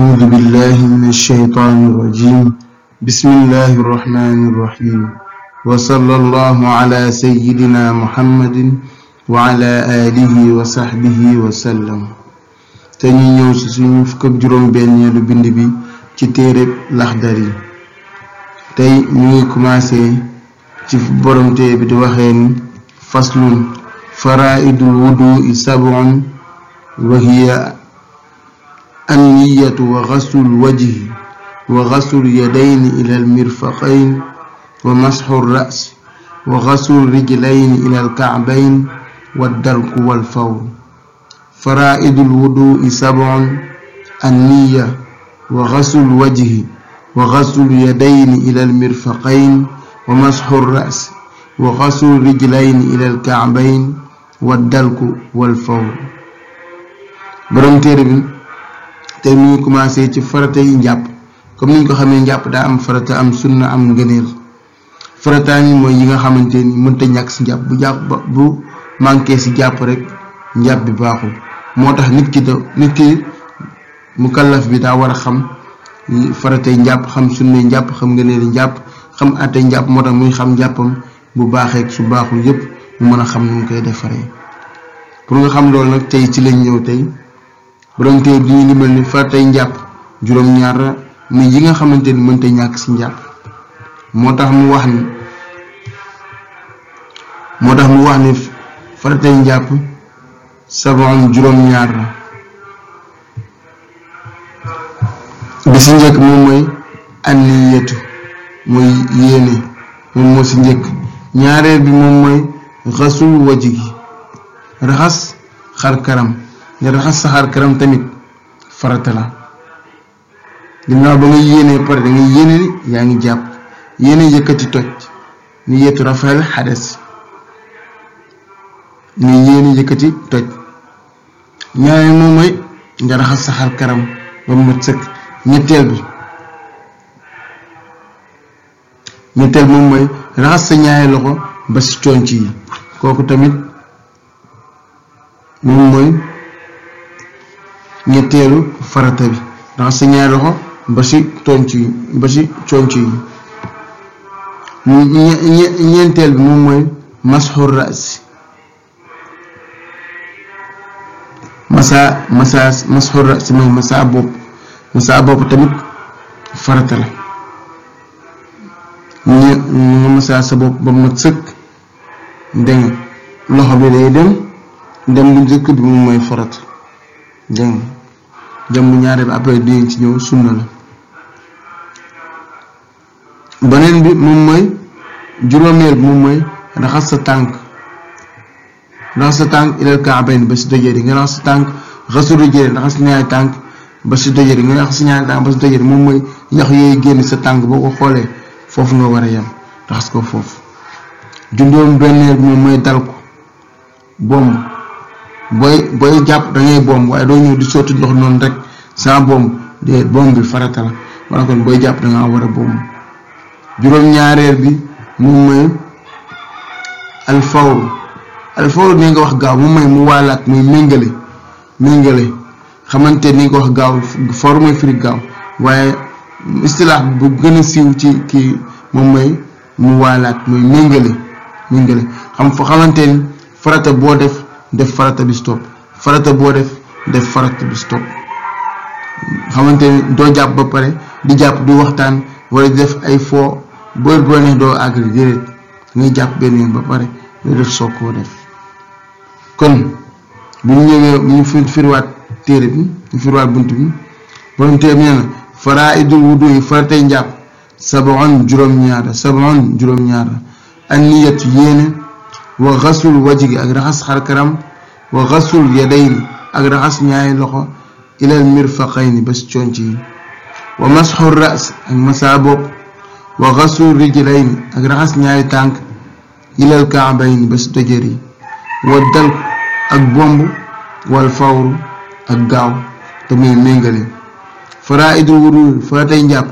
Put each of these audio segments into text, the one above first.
أعوذ بالله من الشيطان الرجيم بسم الله الرحمن الرحيم وصلى الله على سيدنا محمد وعلى آله وصحبه وسلم te ñu ñëw ci suñu fukk ak juróom benneelu bind bi ci téereb Laxdari tey ñu ngi commencé ci borom téere bi di waxee ni faslun faraaidul wudu sab'un wa hiya anniyatu wa xaslul wajhi wa xaslul yadayni ilal mirfaqayn wa masxu ra's wa xaslul rijlayni ilal kacbayn wa darku wal faw faraa'idul wuduu'i sab'un anniya wa xaslul wajhi wa xaslul yadayni ilal mirfaqayn wa masxu ra's wa xaslul rijlayni ilal kacbayn wa darku wal faw borom téere bi tey mu ngi commencé ci farata yi njàpp comme niñ ko xamee njàpp daa am farata am sunna am ngëneel farataa yi mooy yi nga xamante ni mënta ñàkk si njàpp bu jàpp bu manqué si jàpp rek njàpp bi baaxul moo tax nit ki da nit ki mukallaf bi daa war a xam faratay njàpp xam sunne njàpp xam ngëneeli njàpp xam àtte njàpp moo tax muy xam njàppam bu baaxee su baaxul yépp mu mën a xam nu mu koy defaree pour nga xam loolu nag tey ci lañ ñëw tey borom téere bi ñu limal ni faratay njàpp juróom-ñaar la mais yi nga xamante ni mënta ñàkk ci njàpp moo tax mu wax ni moo tax mu wax ni faratay njàpp sabon juróom-ñaar la bi si njëkk moom mooy anniyatu mooy yéene moom moo si njëkk ñaareel bi moom mooy rasul waji gi raxas xar karam nga def saxaar këram tamit farata la ginnaaw ba nga yéenee pare da nga yéene ni yaa ngi jàpp yéene yëkkati toj ni yeetu rafal xades nga yéene yëkkati toj ñaareel moom mooy nga raxas saxaar karam ba mu mat sëkk ñetteel bi ñetteel moom mooy raxas sa ñaari loxo ba si conc yi kooku tamit moom mooy ñetteelu farata bi ndax sa loxo ba ci tonc yi ba ci conc bi moom mooy masxu raas masa masa masxu raas mooy masa bopp masa bopp tamit farata la ñu nga sa bopp ba mat sëkk dégg loxo bi day dem dem bu njëkk bi moom mooy farata dégg nga jàmm ñaare bi après dinañ ci ñëw sunna la beneen bi moom mooy juróomeel bi moom mooy raxas sa tànk raxas sa tànk ilal kaabayn ba si dojee nga raxas tànk ba si dojee di nga raxas sa ñaari tànk ba si dojee di moom mooy yax yooyu génn sa tànk boo ko xoolee foofu nga war a yem raxas ko foofu juróom benneel bi moom mooy dal ko bomb booy booy jàpp da ngay bomb waaye doo ñëw di sotti ndox noonu rek sans bomb de bomb bi farata la wala kon booy jàpp da war a bomb juróom-ñaareel bi moom mooy alfawru alfawru ni nga wax gaaw moom mu waalaat muy méngale méngale xamante ni nga wax gaaw fawru waaye istilaax bu gën ci kii moom mooy mu waalaat muy méngale méngale xam fa xamante farata boo def. def farata bi stop farata boo def def farata bi stop xamante ni doo jàpp ba pare di jàpp du waxtaan wala di def ay foo boo boo neex doo àggali déedéet ngay jàpp benn ba pare doo def sookoo def kon bu ñu ñëwee ñu firiwaat téere bi ñu firiwaat bunt bi borom téere bi nee na faraa'idul wudu yi faratay njàpp sab'un juróom-ñaara sab'un juróom-ñaara an niyat yéene wa xasul waj gi ak raxas xarkaram wa xasul yadayni ak raxas ñaari loxo ilal mirfaqayni ba si conc yi wa masxu ras ak masaa bopp wa xasul rijlayni ak raxas ñaari tànk ilal kaabayni ba si dojër yi wa dalk ak bomb wal fawru ak gaaw te muy méngale faraidul wuruur faratay njàpp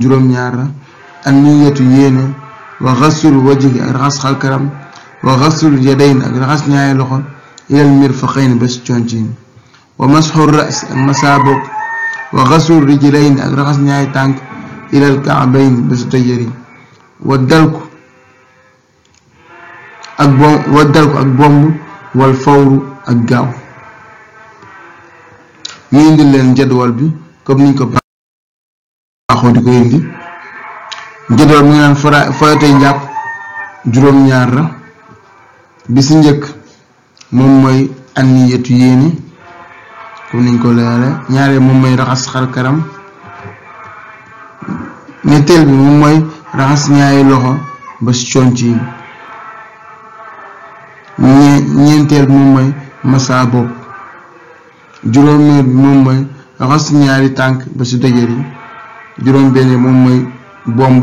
juróom-ñaar la an niyatu yéene wa xasul ak raxas xarkaram wa xasul yadayn ak raxas ñaari loxo ilal mirfaqayn ba si conciin wa masxu ras ak masaa bopp wa xasul rijlayn ak raxas ñaari tànk ilal kaabayn ba si tojari wa dalku wa dalku ak bomb wal fawru ak gaaw ñu indi leen jadwal bi comme niñ ko baaxoo di ko indi jadwal bi nga naan faratay njàpp juróom-ñaar la bi ci njëkk moom mooy anniyetu yéeni comme niñ ko leere ñaareel moom mooy raxas xar kanam ñetteel bi moom mooy raxas ñaari loxo ba si conc yi ñeenteel bi moom mooy masaa bopp juróomeel moom mooy raxas ñaari tànk ba si dojër yi juróom benn moom mooy bomb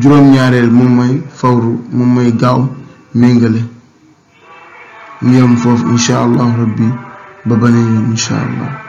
juróom ñaareel moom mooy fawru moom mooy gaaw méngale ñu yam foofu incha allah rabbi ba baneen yoon incha